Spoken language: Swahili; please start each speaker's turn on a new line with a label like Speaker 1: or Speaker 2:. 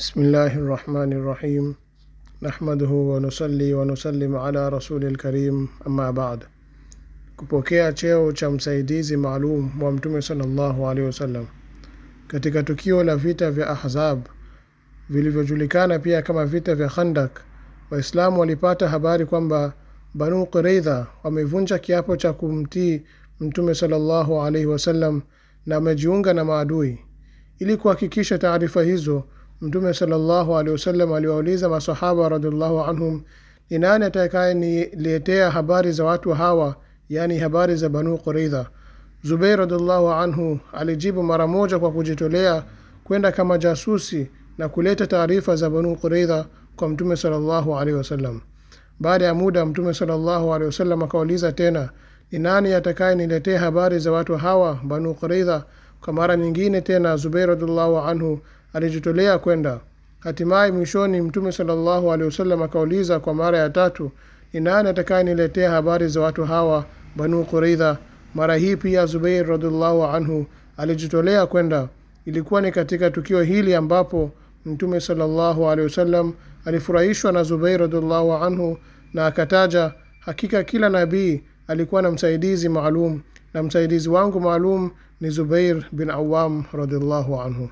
Speaker 1: Bismillahi rahmani rahim nahmaduhu wanusali wanusalim ala rasuli lkarim amma bad. Kupokea cheo cha msaidizi maalum wa Mtume sallallahu alaihi wasallam katika tukio la vita vya Ahzab vilivyojulikana pia kama vita vya Khandak, Waislamu walipata habari kwamba Banu Quraidha wamevunja kiapo cha kumtii Mtume sallallahu alaihi wasallam na wamejiunga na maadui. Ili kuhakikisha taarifa hizo Mtume sallallahu alaihi wasallam aliwauliza masahaba radhiallahu anhum, ni nani atakaye niletea habari za watu hawa, yani habari za Banu Quraidha? Zubeir radhiallahu anhu alijibu mara moja kwa kujitolea kwenda kama jasusi na kuleta taarifa za Banu Quraidha kwa Mtume sallallahu alaihi wasallam. Baada ya muda, Mtume sallallahu alaihi wasallam akauliza tena, ni nani atakaye niletea habari za watu hawa Banu Quraidha? Kwa mara nyingine tena Zubeir radhiallahu anhu alijitolea kwenda hatimaye mwishoni mtume salllahu alehi wasallam akauliza kwa mara ya tatu ni nani atakayeniletea habari za watu hawa banu quraidha mara hii pia zubeir radiallahu anhu alijitolea kwenda ilikuwa ni katika tukio hili ambapo mtume salllahu alehi wasallam alifurahishwa na zubeir radiallahu anhu na akataja hakika kila nabii alikuwa na msaidizi maalum na msaidizi wangu maalum ni zubeir bin awam radiallahu anhu